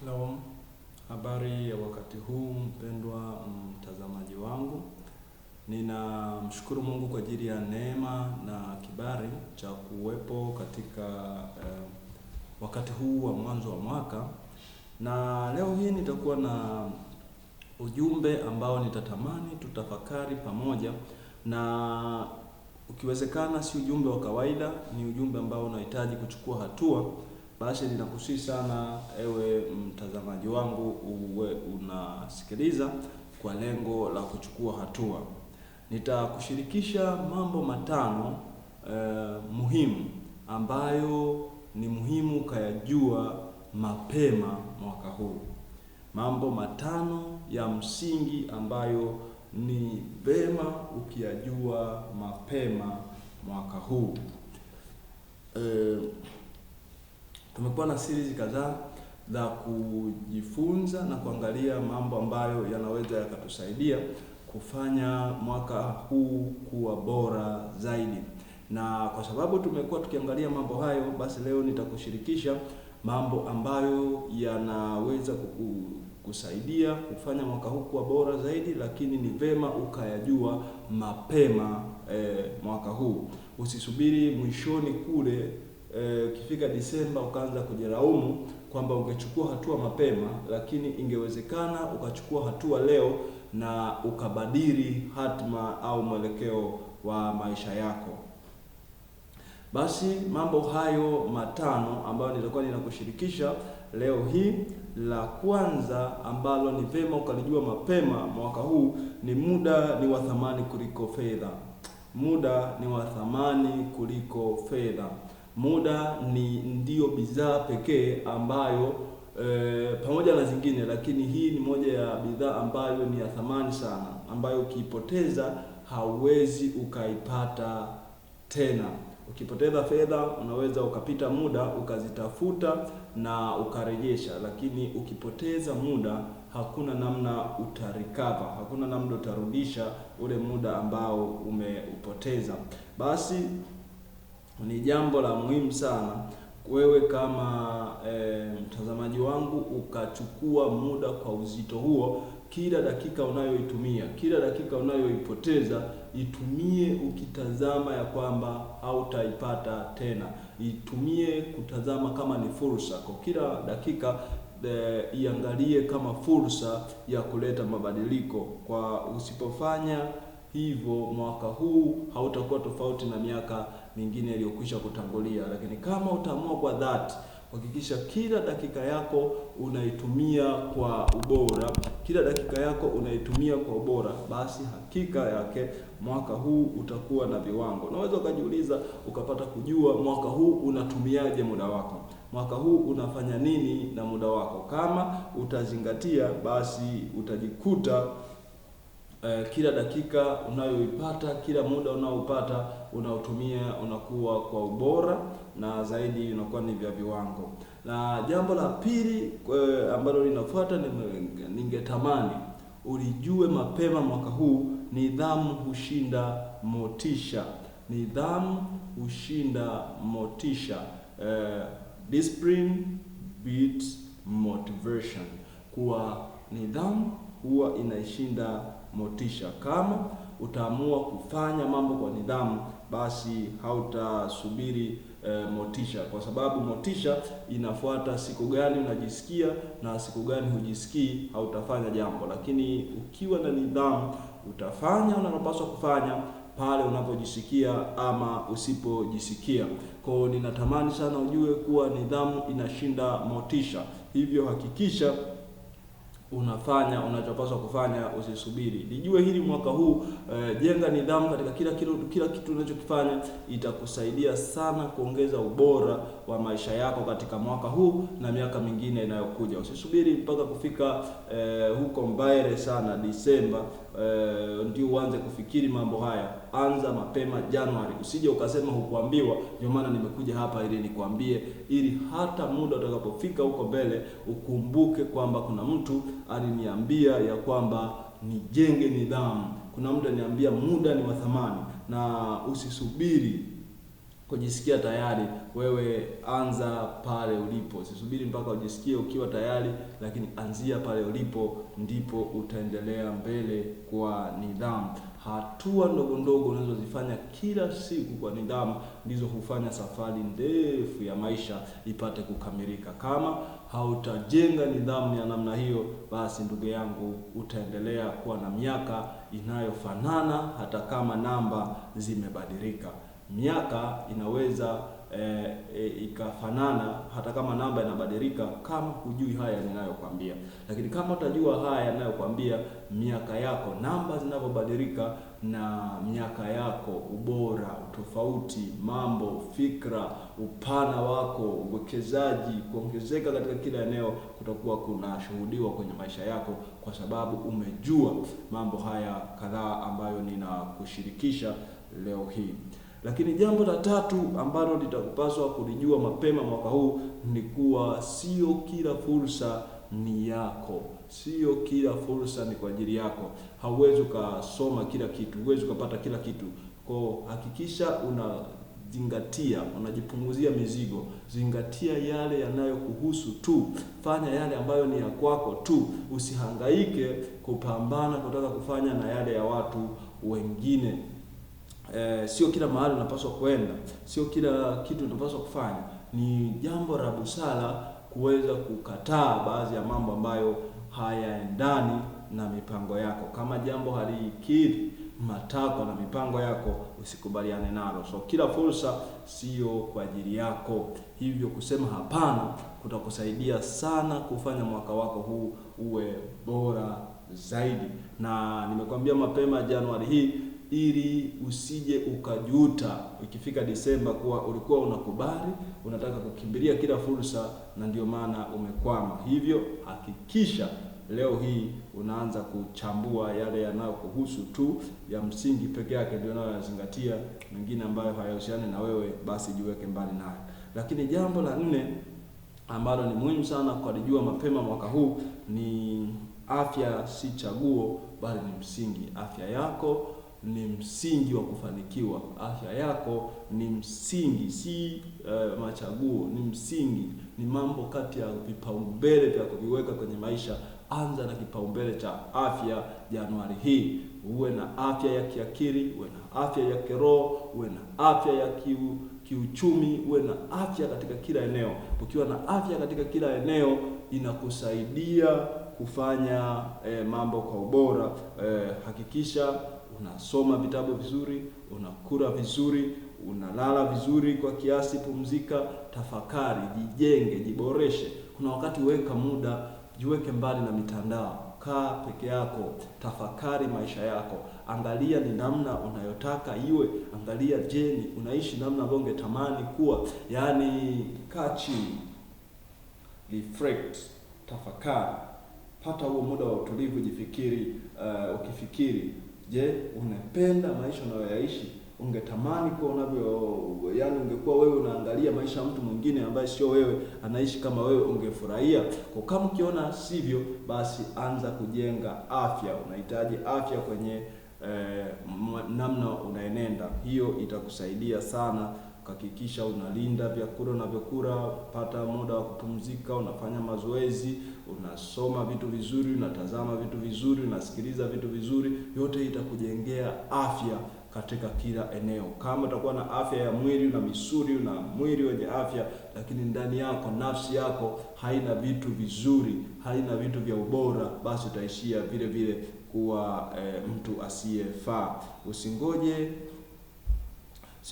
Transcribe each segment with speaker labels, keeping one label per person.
Speaker 1: Hello, habari ya wakati huu mpendwa mtazamaji wangu. Ninamshukuru Mungu kwa ajili ya neema na kibali cha kuwepo katika eh, wakati huu wa mwanzo wa mwaka, na leo hii nitakuwa na ujumbe ambao nitatamani tutafakari pamoja, na ukiwezekana si ujumbe wa kawaida, ni ujumbe ambao unahitaji kuchukua hatua basi ninakusii sana ewe mtazamaji wangu uwe unasikiliza kwa lengo la kuchukua hatua. Nitakushirikisha mambo matano eh, muhimu ambayo ni muhimu ukayajua mapema mwaka huu. Mambo matano ya msingi ambayo ni vema ukiyajua mapema mwaka huu eh, Tumekuwa na series kadhaa za kujifunza na kuangalia mambo ambayo yanaweza yakatusaidia kufanya mwaka huu kuwa bora zaidi, na kwa sababu tumekuwa tukiangalia mambo hayo, basi leo nitakushirikisha mambo ambayo yanaweza kusaidia kufanya mwaka huu kuwa bora zaidi, lakini ni vema ukayajua mapema eh, mwaka huu. Usisubiri mwishoni kule Eh, ukifika e, Desemba ukaanza kujilaumu kwamba ungechukua hatua mapema, lakini ingewezekana ukachukua hatua leo na ukabadili hatma au mwelekeo wa maisha yako. Basi mambo hayo matano ambayo nilikuwa ninakushirikisha leo hii, la kwanza ambalo ni vema ukalijua mapema mwaka huu ni muda ni wa thamani kuliko fedha. Muda ni wa thamani kuliko fedha. Muda ni ndio bidhaa pekee ambayo e, pamoja na zingine, lakini hii ni moja ya bidhaa ambayo ni ya thamani sana, ambayo ukiipoteza hauwezi ukaipata tena. Ukipoteza fedha unaweza ukapita muda ukazitafuta na ukarejesha, lakini ukipoteza muda hakuna namna utarikava, hakuna namna utarudisha ule muda ambao umeupoteza. Basi ni jambo la muhimu sana wewe kama e, mtazamaji wangu ukachukua muda kwa uzito huo. Kila dakika unayoitumia, kila dakika unayoipoteza itumie ukitazama ya kwamba hautaipata tena, itumie kutazama kama ni fursa. Kwa kila dakika de, eh, iangalie kama fursa ya kuleta mabadiliko, kwa usipofanya hivyo mwaka huu hautakuwa tofauti na miaka mingine iliyokwisha kutangulia. Lakini kama utaamua kwa dhati hakikisha kila dakika yako unaitumia kwa ubora, kila dakika yako unaitumia kwa ubora, basi hakika yake mwaka huu utakuwa na viwango. Unaweza ukajiuliza ukapata kujua mwaka huu unatumiaje muda wako, mwaka huu unafanya nini na muda wako. Kama utazingatia, basi utajikuta eh, kila dakika unayoipata, kila muda unaopata unaotumia unakuwa kwa ubora na zaidi unakuwa ni vya viwango. Na jambo la pili eh, ambalo linafuata, ningetamani ulijue mapema mwaka huu, nidhamu hushinda motisha. Nidhamu hushinda motisha. Eh, discipline beats motivation, kuwa nidhamu huwa inaishinda motisha. Kama utaamua kufanya mambo kwa nidhamu, basi hautasubiri e, motisha, kwa sababu motisha inafuata siku gani unajisikia na siku gani hujisikii, hautafanya jambo. Lakini ukiwa na nidhamu, utafanya unalopaswa kufanya pale unapojisikia ama usipojisikia. Kwa hiyo ninatamani sana ujue kuwa nidhamu inashinda motisha, hivyo hakikisha unafanya unachopaswa kufanya, usisubiri. Nijue hili mwaka huu e, jenga nidhamu katika kila kitu, kila kitu unachokifanya itakusaidia sana kuongeza ubora wa maisha yako katika mwaka huu na miaka mingine inayokuja. Usisubiri mpaka kufika e, huko mbaire sana Desemba e, eh, ndio uanze kufikiri mambo haya. Anza mapema Januari, usije ukasema hukuambiwa. Ndio maana nimekuja hapa ili nikwambie ili hata muda utakapofika huko mbele ukumbuke kwamba kuna mtu aliniambia ya kwamba nijenge nidhamu. Kuna mtu aliniambia muda ni wa thamani, na usisubiri kujisikia tayari. Wewe anza pale ulipo, usisubiri mpaka ujisikie ukiwa tayari, lakini anzia pale ulipo, ndipo utaendelea mbele kwa nidhamu hatua ndogo ndogo unazozifanya kila siku kwa nidhamu ndizo hufanya safari ndefu ya maisha ipate kukamilika. Kama hautajenga nidhamu ya namna hiyo, basi ndugu yangu, utaendelea kuwa na miaka inayofanana hata kama namba zimebadilika. Miaka inaweza e, e, ikafanana hata kama namba inabadilika, kama hujui haya ninayokwambia. Lakini kama utajua haya yanayokwambia, miaka yako, namba zinavyobadilika na miaka yako, ubora, tofauti mambo, fikra, upana wako, uwekezaji, kuongezeka katika kila eneo kutakuwa kunashuhudiwa kwenye maisha yako, kwa sababu umejua mambo haya kadhaa ambayo ninakushirikisha leo hii. Lakini jambo la tatu ambalo litakupaswa kulijua mapema mwaka huu ni kuwa sio kila fursa ni yako, sio kila fursa ni kwa ajili yako. Hauwezi ukasoma kila kitu, huwezi ukapata kila kitu. Kwa hakikisha unazingatia, unajipunguzia mizigo. Zingatia yale yanayokuhusu tu, fanya yale ambayo ni ya kwako tu. Usihangaike kupambana kutaka kufanya na yale ya watu wengine eh, sio kila mahali unapaswa kwenda, sio kila kitu unapaswa kufanya. Ni jambo la busara kuweza kukataa baadhi ya mambo ambayo hayaendani na mipango yako. Kama jambo halikidhi matakwa na mipango yako, usikubaliane nalo. So kila fursa sio kwa ajili yako, hivyo kusema hapana kutakusaidia sana kufanya mwaka wako huu uwe bora zaidi. Na nimekuambia mapema Januari hii ili usije ukajuta ikifika Disemba kuwa ulikuwa unakubali, unataka kukimbilia kila fursa na ndio maana umekwama. Hivyo hakikisha leo hii unaanza kuchambua yale yanayokuhusu tu, ya msingi peke yake ndio unayoyazingatia. Mengine ambayo hayahusiani na wewe, basi jiweke mbali nayo. Lakini jambo la nne ambalo ni muhimu sana kulijua mapema mwaka huu ni afya si chaguo, bali ni msingi. Afya yako ni msingi wa kufanikiwa. Afya yako ni msingi, si uh, machaguo, ni msingi, ni mambo kati ya vipaumbele vya kuviweka kwenye maisha. Anza na kipaumbele cha afya Januari hii. Uwe na afya ya kiakili, uwe na afya ya kiroho, uwe na afya ya kiu, kiuchumi, uwe na afya katika kila eneo. Ukiwa na afya katika kila eneo inakusaidia kufanya eh, mambo kwa ubora. Eh, hakikisha unasoma vitabu vizuri, unakula vizuri, unalala vizuri kwa kiasi, pumzika, tafakari, jijenge, jiboreshe. Kuna wakati weka muda, jiweke mbali na mitandao, kaa peke yako, tafakari maisha yako, angalia ni namna unayotaka iwe, angalia, je, ni unaishi namna ambayo ungetamani kuwa? Yani kaa chini, reflect, tafakari, pata huo muda wa utulivu, jifikiri. Uh, ukifikiri Je, unapenda maisha unayoyaishi? Ungetamani kuwa unavyo, yani ungekuwa wewe unaangalia maisha ya mtu mwingine ambaye sio wewe anaishi kama wewe, ungefurahia? Kwa kama ukiona sivyo, basi anza kujenga afya. Unahitaji afya kwenye eh, namna unaenenda, hiyo itakusaidia sana hakikisha unalinda vyakula unavyokula, pata muda wa kupumzika, unafanya mazoezi, unasoma vitu vizuri, unatazama vitu vizuri, unasikiliza vitu vizuri. Yote itakujengea afya katika kila eneo. Kama utakuwa na afya ya mwili, una misuli, una mwili wenye afya, lakini ndani yako, nafsi yako haina vitu vizuri, haina vitu vya ubora, basi utaishia vile vile kuwa e, mtu asiyefaa. Usingoje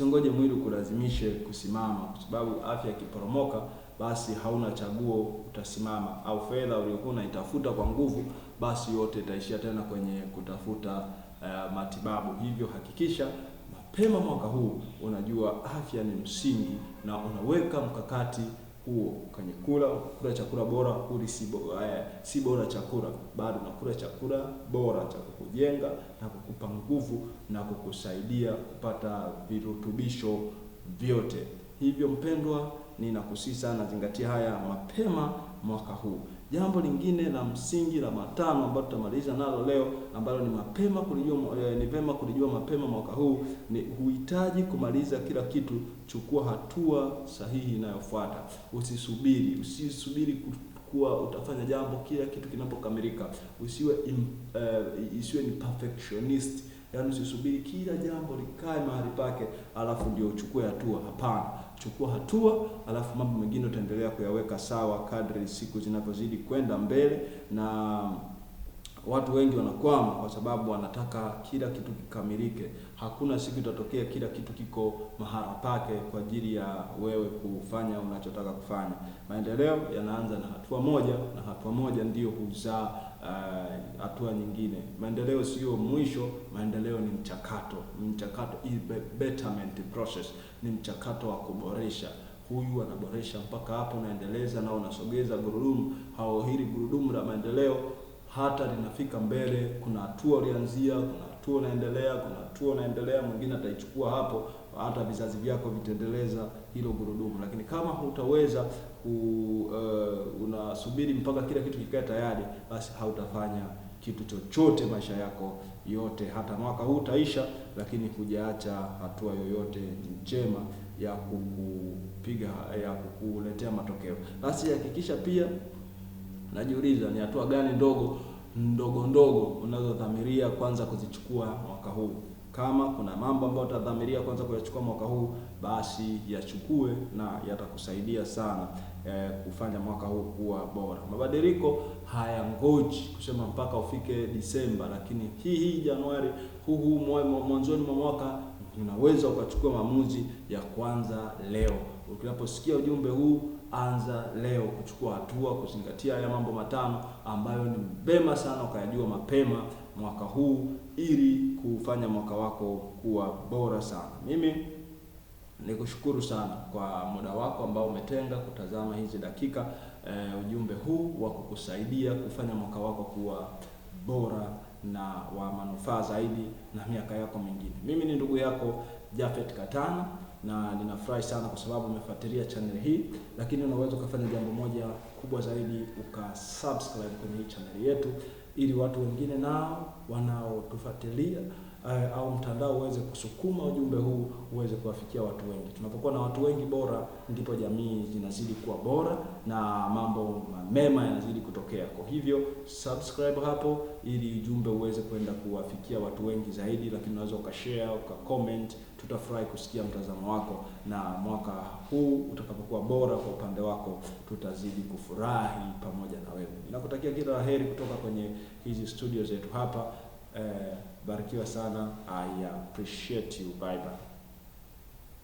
Speaker 1: ngoje mwili kulazimishe kusimama, kwa sababu afya ikiporomoka, basi hauna chaguo, utasimama. Au fedha uliyokuwa unaitafuta kwa nguvu, basi yote itaishia tena kwenye kutafuta uh, matibabu. Hivyo hakikisha mapema mwaka huu unajua afya ni msingi na unaweka mkakati huo kwenye kula chakula bora, kuli si bora, eh, si bora chakula, bado nakula chakula bora cha kukujenga na kukupa nguvu na kukusaidia kupata virutubisho vyote. Hivyo mpendwa, ninakusii sana, zingatia haya mapema mwaka huu. Jambo lingine la msingi la matano ambalo tutamaliza nalo leo ambalo ni mapema kulijua, eh, ni vema kulijua mapema mwaka huu ni huhitaji kumaliza kila kitu, chukua hatua sahihi inayofuata. Usisubiri, usisubiri kuwa utafanya jambo kila kitu kinapokamilika. Usiwe in, uh, eh, isiwe ni perfectionist. Yaani usisubiri kila jambo likae mahali pake alafu ndio uchukue hatua. Hapana, chukua hatua alafu mambo mengine utaendelea kuyaweka sawa kadri siku zinavyozidi kwenda mbele na Watu wengi wanakwama kwa sababu wanataka kila kitu kikamilike. Hakuna siku itatokea kila kitu kiko mahala pake kwa ajili ya wewe kufanya unachotaka kufanya. Maendeleo yanaanza na hatua moja, na hatua moja ndiyo huzaa uh, hatua nyingine. Maendeleo sio mwisho, maendeleo ni mchakato. Mchakato betterment process, ni mchakato wa kuboresha huyu anaboresha mpaka hapo, unaendeleza na unasogeza gurudumu hao, hili gurudumu la maendeleo hata linafika mbele. Kuna hatua ulianzia, kuna hatua unaendelea, kuna hatua unaendelea, mwingine ataichukua hapo, hata vizazi vyako vitaendeleza hilo gurudumu. Lakini kama hutaweza ku, uh, unasubiri mpaka kila kitu kikae tayari, basi hautafanya kitu chochote maisha yako yote. Hata mwaka huu utaisha, lakini hujaacha hatua yoyote njema ya kukupiga ya kukuletea matokeo. Basi hakikisha pia Najiuliza ni hatua gani ndogo ndogo ndogo unazodhamiria kwanza kuzichukua mwaka huu. Kama kuna mambo ambayo utadhamiria kwanza kuyachukua mwaka huu, basi yachukue na yatakusaidia sana e, kufanya mwaka huu kuwa bora. Mabadiliko hayangoji kusema mpaka ufike Disemba, lakini hii hii Januari, huu huu mwanzoni mwa mwaka, unaweza ukachukua maamuzi ya kwanza leo ukinaposikia ujumbe huu, anza leo kuchukua hatua kuzingatia haya mambo matano ambayo ni mbema sana ukayajua mapema mwaka huu ili kufanya mwaka wako kuwa bora sana. Mimi nikushukuru sana kwa muda wako ambao umetenga kutazama hizi dakika e, ujumbe huu wa kukusaidia kufanya mwaka wako kuwa bora na wa manufaa zaidi na miaka yako mingine. Mimi ni ndugu yako Japhet Katana na ninafurahi sana kwa sababu umefuatilia channel hii, lakini unaweza ukafanya jambo moja kubwa zaidi, ukasubscribe kwenye hii channel yetu, ili watu wengine nao wanaotufuatilia uh, au mtandao uweze kusukuma ujumbe huu uweze kuwafikia watu wengi. Tunapokuwa na watu wengi bora, ndipo jamii zinazidi kuwa bora na mambo mema yanazidi kutokea. Kwa hivyo subscribe hapo, ili ujumbe uweze kwenda kuwafikia watu wengi zaidi, lakini unaweza ukashare, ukacomment. Tutafurahi kusikia mtazamo wako, na mwaka huu utakapokuwa bora kwa upande wako, tutazidi kufurahi pamoja na wewe. Ninakutakia kila la heri kutoka kwenye hizi studio zetu hapa eh, Barikiwa sana. I appreciate you. Bye bye.